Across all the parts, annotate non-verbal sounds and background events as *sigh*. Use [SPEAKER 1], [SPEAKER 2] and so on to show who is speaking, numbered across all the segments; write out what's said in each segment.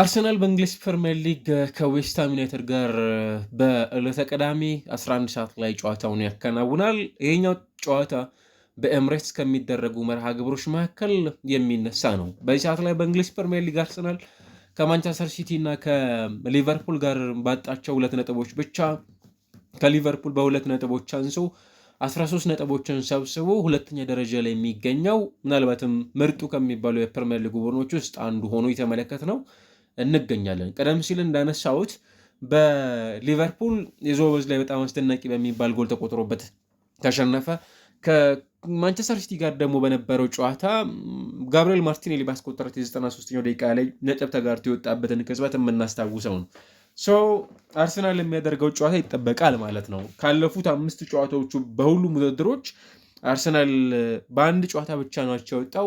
[SPEAKER 1] አርሰናል በእንግሊዝ ፕሪምየር ሊግ ከዌስትሃም ዩናይትድ ጋር በዕለተ ቅዳሜ 11 ሰዓት ላይ ጨዋታውን ያከናውናል። ይህኛው ጨዋታ በኤምሬትስ ከሚደረጉ መርሃ ግብሮች መካከል የሚነሳ ነው። በዚህ ሰዓት ላይ በእንግሊዝ ፕሪምየር ሊግ አርሰናል ከማንቸስተር ሲቲ እና ከሊቨርፑል ጋር ባጣቸው ሁለት ነጥቦች ብቻ ከሊቨርፑል በሁለት ነጥቦች አንሶ 13 ነጥቦችን ሰብስቦ ሁለተኛ ደረጃ ላይ የሚገኘው ምናልባትም ምርጡ ከሚባሉ የፕሪምየር ሊግ ቡድኖች ውስጥ አንዱ ሆኖ የተመለከት ነው። እንገኛለን። ቀደም ሲል እንዳነሳሁት በሊቨርፑል የዞበዝ ላይ በጣም አስደናቂ በሚባል ጎል ተቆጥሮበት ተሸነፈ። ከማንቸስተር ሲቲ ጋር ደግሞ በነበረው ጨዋታ ጋብሪኤል ማርቲኔሊ ባስቆጠረት የ93ኛው ደቂቃ ላይ ነጥብ ተጋርቶ የወጣበትን ቅጽበት የምናስታውሰው ነው። አርሰናል የሚያደርገው ጨዋታ ይጠበቃል ማለት ነው። ካለፉት አምስት ጨዋታዎቹ በሁሉም ውድድሮች አርሰናል በአንድ ጨዋታ ብቻ ናቸው የወጣው።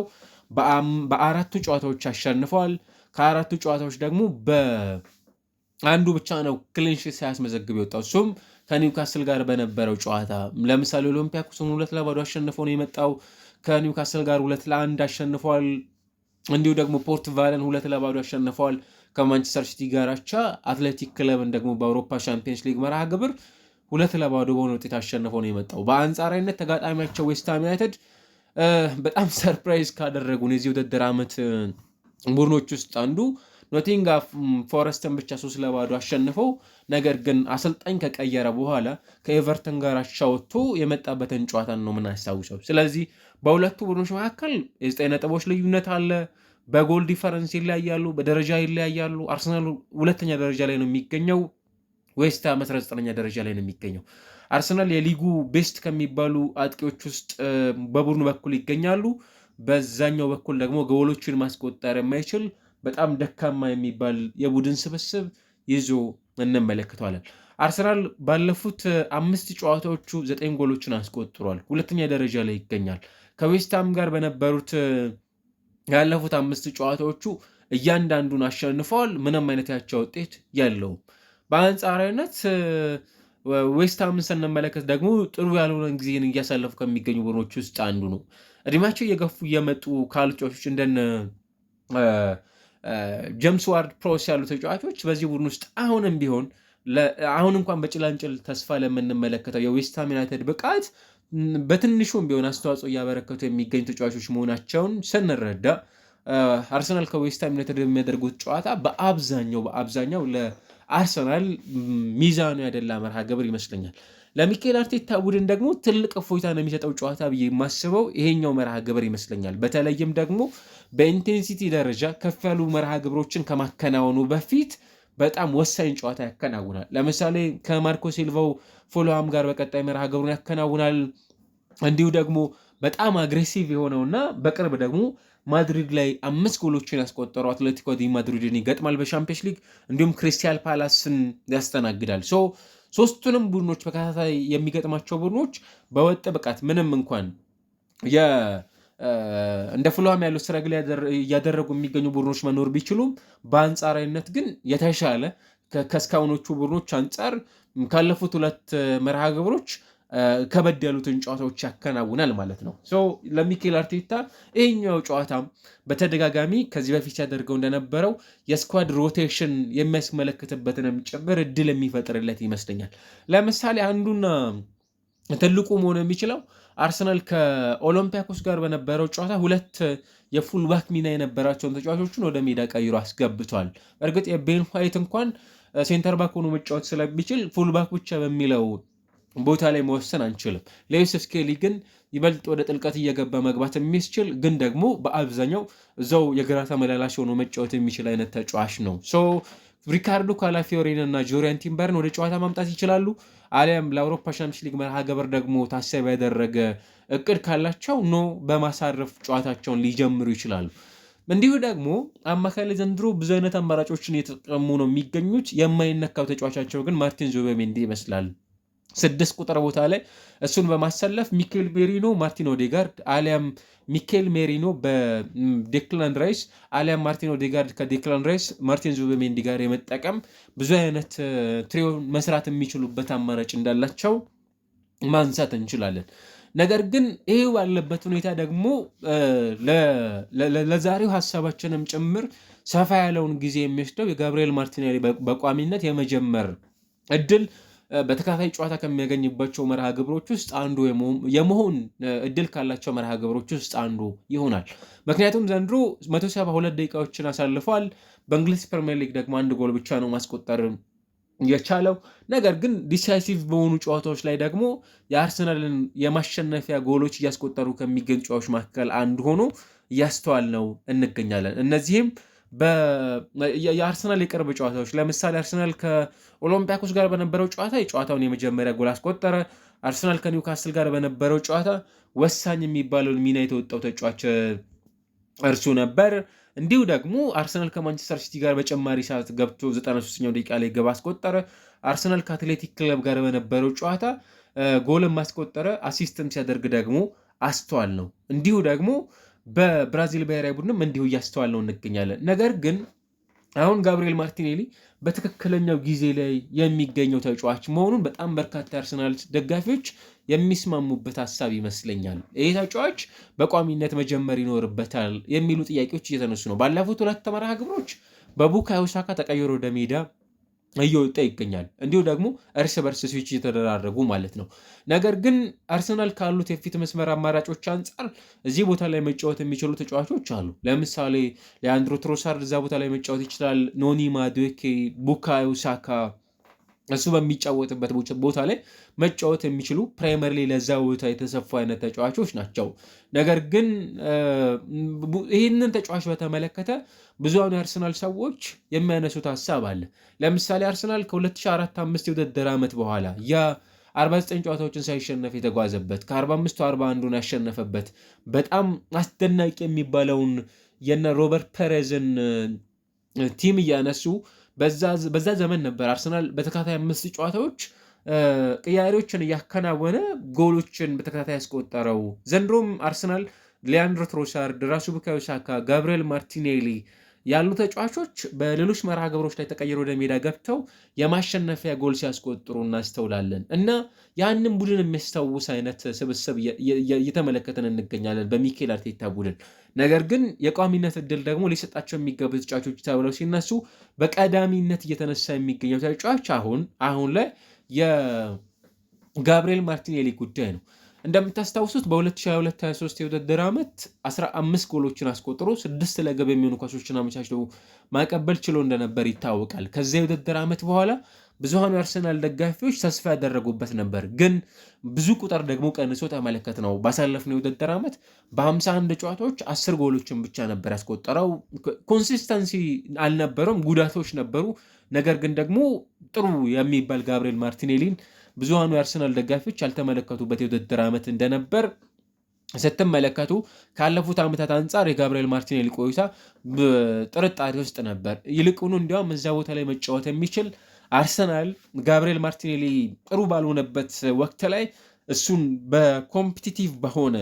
[SPEAKER 1] በአራቱ ጨዋታዎች አሸንፈዋል። ከአራቱ ጨዋታዎች ደግሞ በአንዱ ብቻ ነው ክሊንሽ ሲያስመዘግብ የወጣው እሱም ከኒውካስል ጋር በነበረው ጨዋታ። ለምሳሌ ኦሎምፒያኮስን ሁለት ለባዶ አሸንፎ ነው የመጣው። ከኒውካስል ጋር ሁለት ለአንድ አሸንፏል። እንዲሁ ደግሞ ፖርት ቫለን ሁለት ለባዶ አሸንፏል ከማንቸስተር ሲቲ ጋር አቻ። አትሌቲክ ክለብን ደግሞ በአውሮፓ ሻምፒየንስ ሊግ መርሃ ግብር ሁለት ለባዶ በሆነ ውጤት አሸንፎ ነው የመጣው። በአንጻራዊነት ተጋጣሚያቸው ዌስትሃም ዩናይትድ በጣም *laughs* ሰርፕራይዝ ካደረጉን የዚህ ውድድር ዓመት ቡድኖች ውስጥ አንዱ ኖቲንግሃም ፎረስትን ብቻ ሶስት ለባዶ አሸንፈው ነገር ግን አሰልጣኝ ከቀየረ በኋላ ከኤቨርተን ጋር አቻ ወጥቶ የመጣበትን ጨዋታን ነው የምናስታውሰው። ስለዚህ በሁለቱ ቡድኖች መካከል የዘጠኝ ነጥቦች ልዩነት አለ። በጎል ዲፈረንስ ይለያያሉ፣ በደረጃ ይለያያሉ። አርሰናል ሁለተኛ ደረጃ ላይ ነው የሚገኘው። ዌስትሃም 19 ደረጃ ላይ ነው የሚገኘው። አርሰናል የሊጉ ቤስት ከሚባሉ አጥቂዎች ውስጥ በቡድኑ በኩል ይገኛሉ። በዛኛው በኩል ደግሞ ጎሎችን ማስቆጠር የማይችል በጣም ደካማ የሚባል የቡድን ስብስብ ይዞ እንመለከተዋለን። አርሰናል ባለፉት አምስት ጨዋታዎቹ ዘጠኝ ጎሎችን አስቆጥሯል። ሁለተኛ ደረጃ ላይ ይገኛል። ከዌስትሃም ጋር በነበሩት ያለፉት አምስት ጨዋታዎቹ እያንዳንዱን አሸንፈዋል። ምንም አይነት ያቻ ውጤት ያለው በአንጻራዊነት ዌስትሃምን ስንመለከት ደግሞ ጥሩ ያልሆነ ጊዜን እያሳለፉ ከሚገኙ ቡድኖች ውስጥ አንዱ ነው። እድሜያቸው እየገፉ እየመጡ ካሉ ተጫዋቾች ጀምስ ዋርድ ፕሮስ ያሉ ተጫዋቾች በዚህ ቡድን ውስጥ አሁንም ቢሆን አሁን እንኳን በጭላንጭል ተስፋ ለምንመለከተው የዌስትሃም ዩናይትድ ብቃት በትንሹም ቢሆን አስተዋጽኦ እያበረከቱ የሚገኙ ተጫዋቾች መሆናቸውን ስንረዳ አርሰናል ከዌስትሃም ዩናይትድ የሚያደርጉት ጨዋታ በአብዛኛው በአብዛኛው ለአርሰናል ሚዛኑ ያደላ መርሃ ግብር ይመስለኛል። ለሚካኤል አርቴታ ቡድን ደግሞ ትልቅ ነው የሚሰጠው ጨዋታ ብዬ የማስበው ይሄኛው መርሃ ግብር ይመስለኛል። በተለይም ደግሞ በኢንቴንሲቲ ደረጃ ከፍ ያሉ መርሃ ግብሮችን ከማከናወኑ በፊት በጣም ወሳኝ ጨዋታ ያከናውናል። ለምሳሌ ከማርኮ ሲልቫው ፎሎሃም ጋር በቀጣይ መርሃ ግብሩን ያከናውናል። እንዲሁ ደግሞ በጣም አግሬሲቭ የሆነውና በቅርብ ደግሞ ማድሪድ ላይ አምስት ጎሎችን ያስቆጠሩ አትሌቲኮ ዲ ማድሪድን ይገጥማል በሻምፒዮንስ ሊግ እንዲሁም ክሪስታል ፓላስን ያስተናግዳል። ሶስቱንም ቡድኖች በከታታይ የሚገጥማቸው ቡድኖች በወጥ ብቃት ምንም እንኳን እንደ ፍልሃም ያለው ስራ ግል እያደረጉ የሚገኙ ቡድኖች መኖር ቢችሉም በአንጻራዊነት ግን የተሻለ ከእስካሁኖቹ ቡድኖች አንጻር ካለፉት ሁለት መርሃ ግብሮች ከበድ ያሉትን ጨዋታዎች ያከናውናል ማለት ነው። ለሚኬል አርቴታ ይሄኛው ጨዋታም በተደጋጋሚ ከዚህ በፊት ያደርገው እንደነበረው የስኳድ ሮቴሽን የሚያስመለክትበትንም ጭምር እድል የሚፈጥርለት ይመስለኛል። ለምሳሌ አንዱና ትልቁ መሆን የሚችለው አርሰናል ከኦሎምፒያኮስ ጋር በነበረው ጨዋታ ሁለት የፉልባክ ሚና የነበራቸውን ተጫዋቾችን ወደ ሜዳ ቀይሮ አስገብቷል። በእርግጥ የቤን ዋይት እንኳን ሴንተር ባክ ሆኖ መጫወት ስለሚችል ፉልባክ ብቻ በሚለው ቦታ ላይ መወሰን አንችልም። ለዩስፍ ስኬሊ ግን ይበልጥ ወደ ጥልቀት እየገባ መግባት የሚስችል ግን ደግሞ በአብዛኛው እዛው የግራ ተመላላሽ ሆኖ መጫወት የሚችል አይነት ተጫዋች ነው። ሪካርዶ ካላፊዮሬን እና ጆሪያን ቲምበርን ወደ ጨዋታ ማምጣት ይችላሉ። አሊያም ለአውሮፓ ሻምፒዮንስ ሊግ መርሃ ገበር ደግሞ ታሳቢ ያደረገ እቅድ ካላቸው ኖ በማሳረፍ ጨዋታቸውን ሊጀምሩ ይችላሉ። እንዲሁ ደግሞ አማካይ ዘንድሮ ብዙ አይነት አማራጮችን እየተጠቀሙ ነው የሚገኙት። የማይነካው ተጫዋቻቸው ግን ማርቲን ዙቢሜንዲ ይመስላል። ስድስት ቁጥር ቦታ ላይ እሱን በማሰለፍ ሚኬል ሜሪኖ፣ ማርቲን ኦዴጋርድ አሊያም ሚኬል ሜሪኖ በዴክላን ራይስ አሊያም ማርቲን ኦዴጋርድ ከዴክላን ራይስ ማርቲን ዙቢሜንዲ ጋር የመጠቀም ብዙ አይነት ትሪዮ መስራት የሚችሉበት አማራጭ እንዳላቸው ማንሳት እንችላለን። ነገር ግን ይህ ባለበት ሁኔታ ደግሞ ለዛሬው ሀሳባችንም ጭምር ሰፋ ያለውን ጊዜ የሚወስደው የጋብርኤል ማርቲኔሊ በቋሚነት የመጀመር እድል በተካፋይ ጨዋታ ከሚያገኝባቸው መርሃ ግብሮች ውስጥ አንዱ የመሆን እድል ካላቸው መርሃ ግብሮች ውስጥ አንዱ ይሆናል። ምክንያቱም ዘንድሮ 172 ደቂቃዎችን አሳልፏል። በእንግሊዝ ፕሪምየር ሊግ ደግሞ አንድ ጎል ብቻ ነው ማስቆጠር የቻለው። ነገር ግን ዲሳይሲቭ በሆኑ ጨዋታዎች ላይ ደግሞ የአርሰናልን የማሸነፊያ ጎሎች እያስቆጠሩ ከሚገኙ ጨዋታዎች መካከል አንዱ ሆኖ እያስተዋል ነው እንገኛለን እነዚህም የአርሰናል የቅርብ ጨዋታዎች ለምሳሌ አርሰናል ከኦሎምፒያኮስ ጋር በነበረው ጨዋታ የጨዋታውን የመጀመሪያ ጎል አስቆጠረ። አርሰናል ከኒውካስል ጋር በነበረው ጨዋታ ወሳኝ የሚባለውን ሚና የተወጣው ተጫዋች እርሱ ነበር። እንዲሁ ደግሞ አርሰናል ከማንቸስተር ሲቲ ጋር በጨማሪ ሰዓት ገብቶ 93ኛው ደቂቃ ላይ ግብ አስቆጠረ። አርሰናል ከአትሌቲክ ክለብ ጋር በነበረው ጨዋታ ጎልም አስቆጠረ። አሲስትም ሲያደርግ ደግሞ አስተዋል ነው። እንዲሁ ደግሞ በብራዚል ብሔራዊ ቡድንም እንዲሁ እያስተዋል ነው እንገኛለን። ነገር ግን አሁን ጋብሪኤል ማርቲኔሊ በትክክለኛው ጊዜ ላይ የሚገኘው ተጫዋች መሆኑን በጣም በርካታ አርሰናል ደጋፊዎች የሚስማሙበት ሀሳብ ይመስለኛል። ይህ ተጫዋች በቋሚነት መጀመር ይኖርበታል የሚሉ ጥያቄዎች እየተነሱ ነው። ባለፉት ሁለት መርሃ ግብሮች በቡካዮ ሳካ ተቀይሮ ወደ ሜዳ እየወጣ ይገኛል። እንዲሁ ደግሞ እርስ በርስ ስዊች እየተደራረጉ ማለት ነው። ነገር ግን አርሰናል ካሉት የፊት መስመር አማራጮች አንጻር እዚህ ቦታ ላይ መጫወት የሚችሉ ተጫዋቾች አሉ። ለምሳሌ ሊያንድሮ ትሮሳርድ እዛ ቦታ ላይ መጫወት ይችላል። ኖኒ ማዱዌኬ፣ ቡካዮ ሳካ እሱ በሚጫወትበት ቦታ ላይ መጫወት የሚችሉ ፕራይመርሊ ለዛ ቦታ የተሰፉ አይነት ተጫዋቾች ናቸው። ነገር ግን ይህንን ተጫዋች በተመለከተ ብዙሃኑ የአርሰናል ሰዎች የሚያነሱት ሀሳብ አለ። ለምሳሌ አርሰናል ከ2004/5 የውድድር ዓመት በኋላ የ 49 ጨዋታዎችን ሳይሸነፍ የተጓዘበት ከ45ቱ 41ዱን ያሸነፈበት በጣም አስደናቂ የሚባለውን የነ ሮበርት ፐሬዝን ቲም እያነሱ በዛ ዘመን ነበር አርሰናል በተከታታይ አምስት ጨዋታዎች ቅያሬዎችን እያከናወነ ጎሎችን በተከታታይ ያስቆጠረው። ዘንድሮም አርሰናል ሊያንድሮ ትሮሳርድ፣ ራሱ ቡካዮ ሳካ፣ ጋብርኤል ማርቲኔሊ ያሉ ተጫዋቾች በሌሎች መርሃ ግብሮች ላይ ተቀይሮ ወደ ሜዳ ገብተው የማሸነፊያ ጎል ሲያስቆጥሩ እናስተውላለን እና ያንን ቡድን የሚያስታውስ አይነት ስብስብ እየተመለከተን እንገኛለን በሚኬል አርቴታ ቡድን። ነገር ግን የቋሚነት እድል ደግሞ ሊሰጣቸው የሚገቡ ተጫዋቾች ተብለው ሲነሱ በቀዳሚነት እየተነሳ የሚገኘው ተጫዋች አሁን አሁን ላይ የጋብሪኤል ማርቲኔሊ ጉዳይ ነው። እንደምታስታውሱት በ2022/23 የውድድር ዓመት 15 ጎሎችን አስቆጥሮ ስድስት ለገብ የሚሆኑ ኳሶችን አመቻችቶ ማቀበል ችሎ እንደነበር ይታወቃል። ከዚያ የውድድር ዓመት በኋላ ብዙሃኑ የአርሰናል ደጋፊዎች ተስፋ ያደረጉበት ነበር፣ ግን ብዙ ቁጥር ደግሞ ቀንሶ ተመለከት ነው። ባሳለፍነው የውድድር ዓመት በ51 ጨዋታዎች 10 ጎሎችን ብቻ ነበር ያስቆጠረው። ኮንሲስተንሲ አልነበረም፣ ጉዳቶች ነበሩ። ነገር ግን ደግሞ ጥሩ የሚባል ጋብሪኤል ማርቲኔሊን ብዙሃኑ የአርሰናል ደጋፊዎች ያልተመለከቱበት የውድድር ዓመት እንደነበር ስትመለከቱ ካለፉት ዓመታት አንጻር የጋብርኤል ማርቲኔሊ ቆይታ ጥርጣሬ ውስጥ ነበር። ይልቁኑ እንዲያውም እዚያ ቦታ ላይ መጫወት የሚችል አርሰናል ጋብርኤል ማርቲኔሊ ጥሩ ባልሆነበት ወቅት ላይ እሱን በኮምፒቲቲቭ በሆነ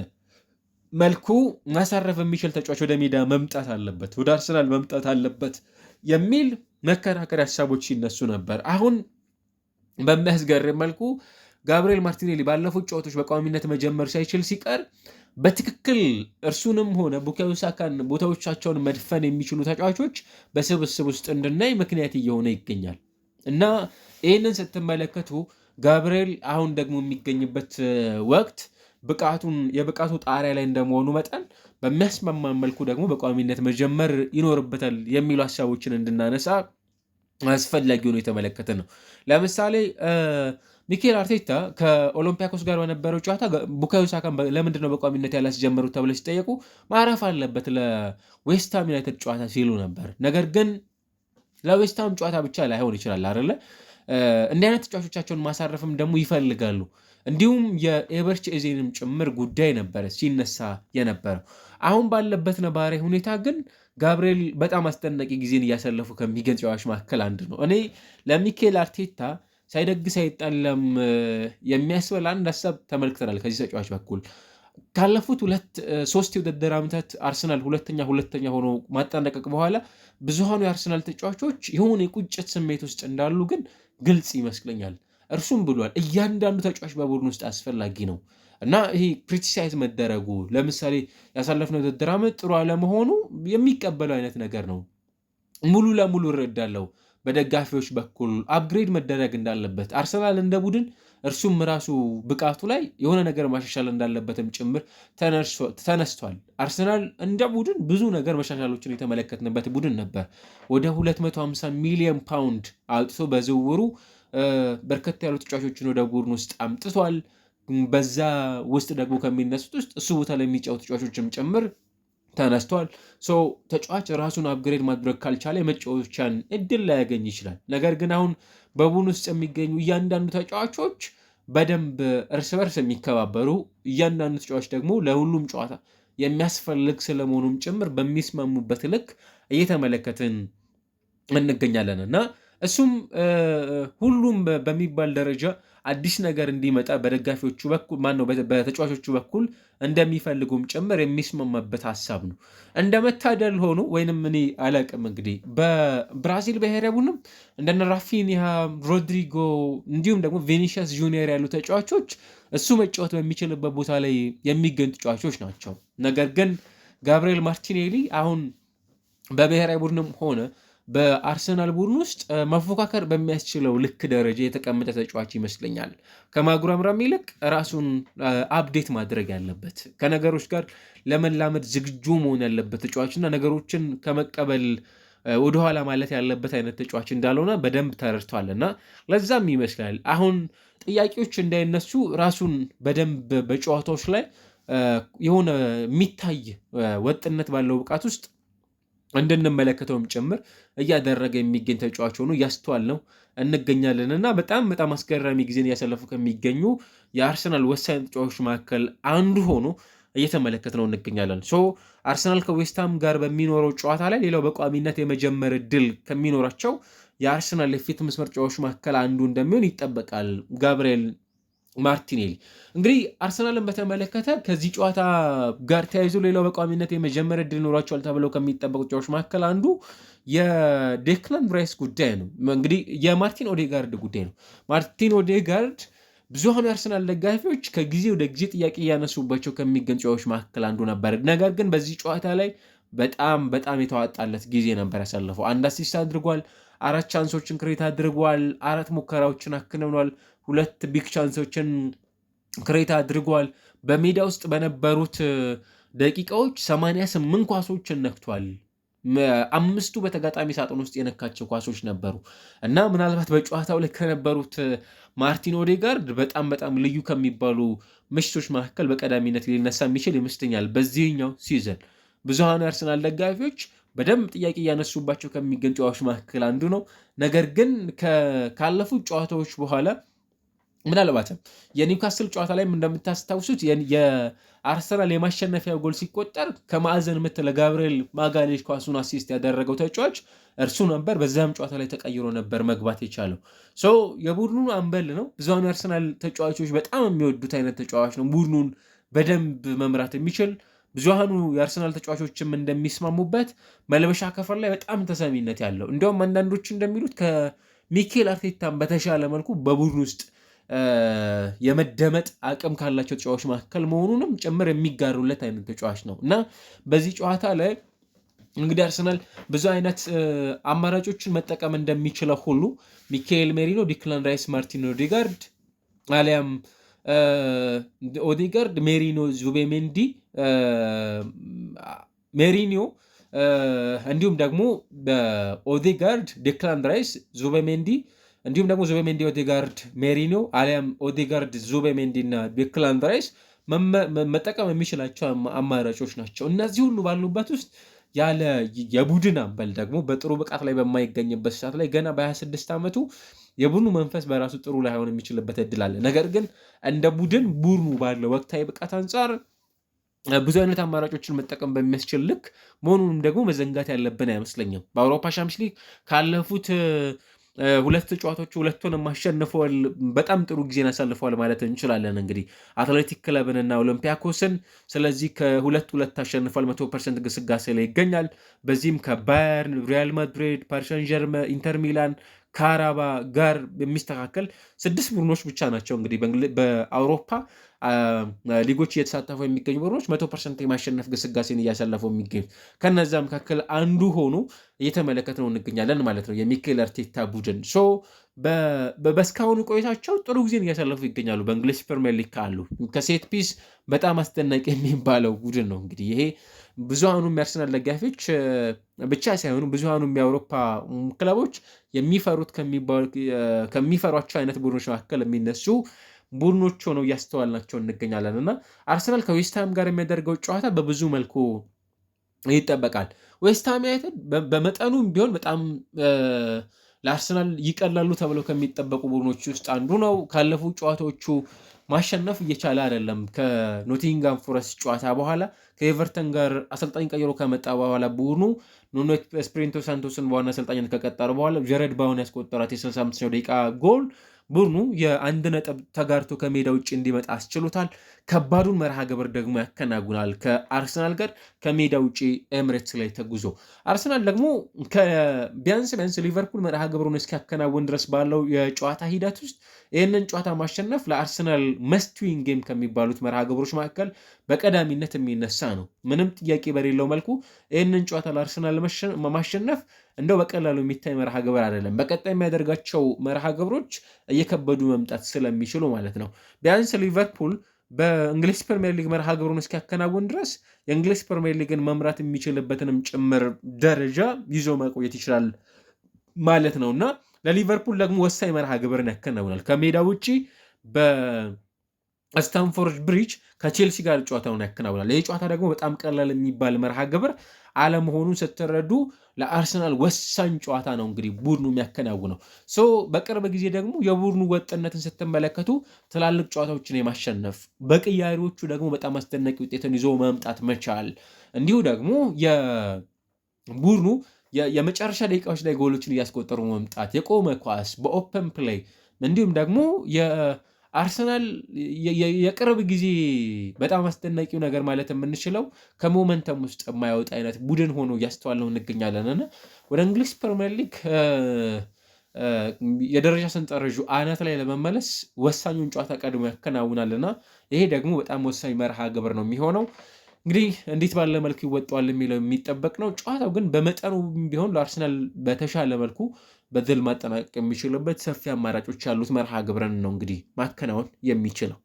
[SPEAKER 1] መልኩ ማሳረፍ የሚችል ተጫዋች ወደ ሜዳ መምጣት አለበት፣ ወደ አርሰናል መምጣት አለበት የሚል መከራከሪያ ሀሳቦች ሲነሱ ነበር አሁን በሚያስገርም መልኩ ጋብሪኤል ማርቲኔሊ ባለፉት ጨዋታዎች በቋሚነት መጀመር ሳይችል ሲቀር በትክክል እርሱንም ሆነ ቡካዮ ሳካን ቦታዎቻቸውን መድፈን የሚችሉ ተጫዋቾች በስብስብ ውስጥ እንድናይ ምክንያት እየሆነ ይገኛል እና ይህንን ስትመለከቱ ጋብሪኤል አሁን ደግሞ የሚገኝበት ወቅት ብቃቱን የብቃቱ ጣሪያ ላይ እንደመሆኑ መጠን በሚያስማማን መልኩ ደግሞ በቋሚነት መጀመር ይኖርበታል የሚሉ ሀሳቦችን እንድናነሳ አስፈላጊ ሆኖ የተመለከተ ነው። ለምሳሌ ሚኬል አርቴታ ከኦሎምፒያኮስ ጋር በነበረው ጨዋታ ቡካዮ ሳካን ለምንድን ነው በቋሚነት ያላስጀመሩት ተብለ ሲጠየቁ ማረፍ አለበት ለዌስትሃም ዩናይትድ ጨዋታ ሲሉ ነበር። ነገር ግን ለዌስትሃም ጨዋታ ብቻ ላይሆን ይችላል አይደለ? እንዲህ አይነት ተጫዋቾቻቸውን ማሳረፍም ደግሞ ይፈልጋሉ። እንዲሁም የኤቨርች ኤዜንም ጭምር ጉዳይ ነበረ ሲነሳ የነበረው። አሁን ባለበት ነባራዊ ሁኔታ ግን ጋብርኤል በጣም አስደናቂ ጊዜን እያሳለፉ ከሚገልጽ ተጫዋቾች መካከል አንዱ ነው። እኔ ለሚኬል አርቴታ ሳይደግስ አይጣለም የሚያስበል አንድ ሀሳብ ተመልክተናል ከዚህ ተጫዋች በኩል ካለፉት ሁለት ሶስት የውድድር ዓመታት አርሰናል ሁለተኛ ሁለተኛ ሆኖ ማጠናቀቅ በኋላ ብዙሃኑ የአርሰናል ተጫዋቾች የሆነ የቁጭት ስሜት ውስጥ እንዳሉ ግን ግልጽ ይመስለኛል። እርሱም ብሏል፣ እያንዳንዱ ተጫዋች በቡድን ውስጥ አስፈላጊ ነው። እና ይሄ ክሪቲሳይዝ መደረጉ ለምሳሌ ያሳለፍነው ውድድር ዓመት ጥሩ አለመሆኑ የሚቀበለው አይነት ነገር ነው። ሙሉ ለሙሉ እረዳለሁ። በደጋፊዎች በኩል አፕግሬድ መደረግ እንዳለበት አርሰናል እንደ ቡድን እርሱም ራሱ ብቃቱ ላይ የሆነ ነገር ማሻሻል እንዳለበትም ጭምር ተነስቷል። አርሰናል እንደ ቡድን ብዙ ነገር መሻሻሎችን የተመለከትንበት ቡድን ነበር። ወደ 250 ሚሊዮን ፓውንድ አውጥቶ በዝውውሩ በርከት ያሉ ተጫዋቾችን ወደ ቡድን ውስጥ አምጥቷል። በዛ ውስጥ ደግሞ ከሚነሱት ውስጥ እሱ ቦታ ላይ የሚጫወቱ ተጫዋቾችም ጭምር ተነስተዋል። ሰው ተጫዋች ራሱን አፕግሬድ ማድረግ ካልቻለ የመጫወቻን እድል ላያገኝ ይችላል። ነገር ግን አሁን በቡድን ውስጥ የሚገኙ እያንዳንዱ ተጫዋቾች በደንብ እርስ በርስ የሚከባበሩ እያንዳንዱ ተጫዋች ደግሞ ለሁሉም ጨዋታ የሚያስፈልግ ስለመሆኑም ጭምር በሚስማሙበት ልክ እየተመለከትን እንገኛለን እና እሱም ሁሉም በሚባል ደረጃ አዲስ ነገር እንዲመጣ በደጋፊዎቹ በኩል ነው በተጫዋቾቹ በኩል እንደሚፈልጉም ጭምር የሚስማማበት ሀሳብ ነው። እንደ መታደል ሆኖ ወይንም እኔ አላቅም እንግዲህ በብራዚል ብሔራዊ ቡድንም እንደነ ራፊኒያ፣ ሮድሪጎ እንዲሁም ደግሞ ቬኒሽስ ጁኒየር ያሉ ተጫዋቾች እሱ መጫወት በሚችልበት ቦታ ላይ የሚገኙ ተጫዋቾች ናቸው። ነገር ግን ጋብሪኤል ማርቲኔሊ አሁን በብሔራዊ ቡድንም ሆነ በአርሰናል ቡድን ውስጥ መፎካከር በሚያስችለው ልክ ደረጃ የተቀመጠ ተጫዋች ይመስለኛል። ከማጉረምረም ይልቅ ራሱን አፕዴት ማድረግ ያለበት ከነገሮች ጋር ለመላመድ ዝግጁ መሆን ያለበት ተጫዋች እና ነገሮችን ከመቀበል ወደኋላ ማለት ያለበት አይነት ተጫዋች እንዳልሆነ በደንብ ተረድቷል እና ለዛም ይመስላል አሁን ጥያቄዎች እንዳይነሱ ራሱን በደንብ በጨዋታዎች ላይ የሆነ የሚታይ ወጥነት ባለው ብቃት ውስጥ እንድንመለከተውም ጭምር እያደረገ የሚገኝ ተጫዋች ሆኖ ያስተዋል ነው እንገኛለን እና በጣም በጣም አስገራሚ ጊዜን እያሳለፉ ከሚገኙ የአርሰናል ወሳኝ ተጫዋቾች መካከል አንዱ ሆኖ እየተመለከት ነው እንገኛለን። ሶ አርሰናል ከዌስትሃም ጋር በሚኖረው ጨዋታ ላይ ሌላው በቋሚነት የመጀመር እድል ከሚኖራቸው የአርሰናል የፊት መስመር ተጫዋቾች መካከል አንዱ እንደሚሆን ይጠበቃል። ጋብርኤል ማርቲኔሊ እንግዲህ አርሰናልን በተመለከተ ከዚህ ጨዋታ ጋር ተያይዞ ሌላው በቋሚነት የመጀመሪያ እድል ይኖራቸዋል ተብለው ከሚጠበቁ ጨዋቾች መካከል አንዱ የዴክላን ራይስ ጉዳይ ነው። እንግዲህ የማርቲን ኦዴጋርድ ጉዳይ ነው። ማርቲን ኦዴጋርድ ብዙሀኑ የአርሰናል ደጋፊዎች ከጊዜ ወደ ጊዜ ጥያቄ እያነሱባቸው ከሚገኙ ጨዋቾች መካከል አንዱ ነበር። ነገር ግን በዚህ ጨዋታ ላይ በጣም በጣም የተዋጣለት ጊዜ ነበር ያሳለፈው። አንድ አሲስት አድርጓል። አራት ቻንሶችን ክሬት አድርጓል። አራት ሙከራዎችን አክንኗል። ሁለት ቢግ ቻንሶችን ክሬት አድርጓል። በሜዳ ውስጥ በነበሩት ደቂቃዎች 88 ኳሶችን ነክቷል። አምስቱ በተጋጣሚ ሳጥን ውስጥ የነካቸው ኳሶች ነበሩ እና ምናልባት በጨዋታው ላይ ከነበሩት ማርቲን ኦዴጋርድ በጣም በጣም ልዩ ከሚባሉ ምሽቶች መካከል በቀዳሚነት ሊነሳ የሚችል ይመስለኛል። በዚህኛው ሲዘን ብዙሃኑ የአርሰናል ደጋፊዎች በደንብ ጥያቄ እያነሱባቸው ከሚገኝ ጨዋታዎች መካከል አንዱ ነው። ነገር ግን ካለፉት ጨዋታዎች በኋላ ምናልባትም የኒውካስል ጨዋታ ላይም እንደምታስታውሱት የአርሰናል የማሸነፊያ ጎል ሲቆጠር ከማዕዘን ምት ለጋብርኤል ማጋሌሽ ኳሱን አሲስት ያደረገው ተጫዋች እርሱ ነበር። በዚያም ጨዋታ ላይ ተቀይሮ ነበር መግባት የቻለው። ሰው የቡድኑ አምበል ነው። ብዙን የአርሰናል ተጫዋቾች በጣም የሚወዱት አይነት ተጫዋች ነው። ቡድኑን በደንብ መምራት የሚችል ብዙሃኑ የአርሰናል ተጫዋቾችም እንደሚስማሙበት መልበሻ ክፍል ላይ በጣም ተሰሚነት ያለው እንዲሁም አንዳንዶች እንደሚሉት ከሚኬል አርቴታን በተሻለ መልኩ በቡድን ውስጥ የመደመጥ አቅም ካላቸው ተጫዋች መካከል መሆኑንም ጭምር የሚጋሩለት አይነት ተጫዋች ነው እና በዚህ ጨዋታ ላይ እንግዲህ አርሰናል ብዙ አይነት አማራጮችን መጠቀም እንደሚችለው ሁሉ ሚካኤል ሜሪኖ፣ ዲክላን ራይስ፣ ማርቲን ኦዴጋርድ አሊያም ኦዴጋርድ፣ ሜሪኖ፣ ዙቤሜንዲ፣ ሜሪኒዮ እንዲሁም ደግሞ በኦዴጋርድ፣ ዲክላን ራይስ፣ ዙቤሜንዲ እንዲሁም ደግሞ ዙቤሜንዲ፣ ኦዴጋርድ፣ ሜሪኖ አሊያም ኦዴጋርድ፣ ዙቤሜንዲ እና ቤክላን ራይስ መጠቀም የሚችላቸው አማራጮች ናቸው። እነዚህ ሁሉ ባሉበት ውስጥ ያለ የቡድን አምበል ደግሞ በጥሩ ብቃት ላይ በማይገኝበት ሰዓት ላይ ገና በ26 ዓመቱ የቡድኑ መንፈስ በራሱ ጥሩ ላይሆን የሚችልበት እድል አለ። ነገር ግን እንደ ቡድን ቡድኑ ባለው ወቅታዊ ብቃት አንጻር ብዙ አይነት አማራጮችን መጠቀም በሚያስችል ልክ መሆኑንም ደግሞ መዘንጋት ያለብን አይመስለኝም። በአውሮፓ ሻምፒዮንስ ሊግ ካለፉት ሁለት ጨዋታዎች ሁለቱንም አሸንፈዋል። በጣም ጥሩ ጊዜን አሳልፈዋል ማለት እንችላለን። እንግዲህ አትሌቲክ ክለብንና ኦሎምፒያኮስን ስለዚህ ከሁለት ሁለት አሸንፏል። መቶ ፐርሰንት ግስጋሴ ላይ ይገኛል። በዚህም ከባየርን፣ ሪያል ማድሪድ፣ ፓርሻን ኢንተር ሚላን ከአራባ ጋር የሚስተካከል ስድስት ቡድኖች ብቻ ናቸው እንግዲህ በአውሮፓ ሊጎች እየተሳተፉ የሚገኙ ቡድኖች መቶ ፐርሰንት የማሸነፍ ግስጋሴን እያሳለፉ የሚገኙ ከነዛ መካከል አንዱ ሆኖ እየተመለከት ነው እንገኛለን ማለት ነው። የሚኬል አርቴታ ቡድን በእስካሁኑ ቆይታቸው ጥሩ ጊዜን እያሳለፉ ይገኛሉ። በእንግሊዝ ፕሪሚየር ሊግ ካሉ ከሴት ፒስ በጣም አስደናቂ የሚባለው ቡድን ነው። እንግዲህ ይሄ ብዙሃኑ የአርሰናል ደጋፊዎች ብቻ ሳይሆኑ ብዙሃኑ የአውሮፓ ክለቦች የሚፈሩት ከሚፈሯቸው አይነት ቡድኖች መካከል የሚነሱ ቡድኖች ሆነው እያስተዋልናቸው እንገኛለን እና አርሰናል ከዌስትሃም ጋር የሚያደርገው ጨዋታ በብዙ መልኩ ይጠበቃል። ዌስትሃም ዩናይትድ በመጠኑም ቢሆን በጣም ለአርሰናል ይቀላሉ ተብለው ከሚጠበቁ ቡድኖች ውስጥ አንዱ ነው። ካለፉ ጨዋታዎቹ ማሸነፍ እየቻለ አይደለም። ከኖቲንጋም ፎረስት ጨዋታ በኋላ ከኤቨርተን ጋር አሰልጣኝ ቀይሮ ከመጣ በኋላ ቡድኑ ኑኖ ስፕሪንቶ ሳንቶስን በዋና አሰልጣኝነት ከቀጠሩ በኋላ ጀረድ ባውን ያስቆጠራት የ65ኛው ደቂቃ ጎል ቡድኑ የአንድ ነጥብ ተጋርቶ ከሜዳ ውጭ እንዲመጣ አስችሎታል። ከባዱን መርሃ ግብር ደግሞ ያከናውናል ከአርሰናል ጋር ከሜዳ ውጭ ኤምሬትስ ላይ ተጉዞ። አርሰናል ደግሞ ቢያንስ ቢያንስ ሊቨርፑል መርሃ ግብሩን እስኪያከናውን ድረስ ባለው የጨዋታ ሂደት ውስጥ ይህንን ጨዋታ ማሸነፍ ለአርሰናል መስትዊን ጌም ከሚባሉት መርሃ ግብሮች መካከል በቀዳሚነት የሚነሳ ነው። ምንም ጥያቄ በሌለው መልኩ ይህንን ጨዋታ ለአርሰናል ማሸነፍ እንደው በቀላሉ የሚታይ መርሃ ግብር አይደለም። በቀጣይ የሚያደርጋቸው መርሃ ግብሮች እየከበዱ መምጣት ስለሚችሉ ማለት ነው። ቢያንስ ሊቨርፑል በእንግሊዝ ፕሪምየር ሊግ መርሃ ግብሩን እስኪያከናውን ድረስ የእንግሊዝ ፕሪምየር ሊግን መምራት የሚችልበትንም ጭምር ደረጃ ይዞ መቆየት ይችላል ማለት ነው እና ለሊቨርፑል ደግሞ ወሳኝ መርሃ ግብርን ያከናውናል ከሜዳ ውጪ በ ስታንፎርድ ብሪጅ ከቼልሲ ጋር ጨዋታውን ያከናውናል። ይህ ጨዋታ ደግሞ በጣም ቀላል የሚባል መርሃ ግብር አለመሆኑን ስትረዱ ለአርሰናል ወሳኝ ጨዋታ ነው እንግዲህ ቡድኑ የሚያከናውነው። ሶ በቅርብ ጊዜ ደግሞ የቡድኑ ወጥነትን ስትመለከቱ ትላልቅ ጨዋታዎችን የማሸነፍ በቅያሪዎቹ ደግሞ በጣም አስደናቂ ውጤትን ይዞ መምጣት መቻል እንዲሁ ደግሞ የቡድኑ የመጨረሻ ደቂቃዎች ላይ ጎሎችን እያስቆጠሩ መምጣት፣ የቆመ ኳስ፣ በኦፐን ፕሌይ እንዲሁም ደግሞ አርሰናል የቅርብ ጊዜ በጣም አስደናቂው ነገር ማለት የምንችለው ከሞመንተም ውስጥ የማያወጥ አይነት ቡድን ሆኖ እያስተዋለው እንገኛለን እና ወደ እንግሊዝ ፕሪምየር ሊግ የደረጃ ስንጠረዡ አናት ላይ ለመመለስ ወሳኙን ጨዋታ ቀድሞ ያከናውናልና ይሄ ደግሞ በጣም ወሳኝ መርሃ ግብር ነው የሚሆነው። እንግዲህ እንዴት ባለ መልኩ ይወጣዋል የሚለው የሚጠበቅ ነው። ጨዋታው ግን በመጠኑ ቢሆን ለአርሰናል በተሻለ መልኩ በድል ማጠናቀቅ የሚችልበት ሰፊ አማራጮች ያሉት መርሃ ግብርን ነው እንግዲህ ማከናወን የሚችለው።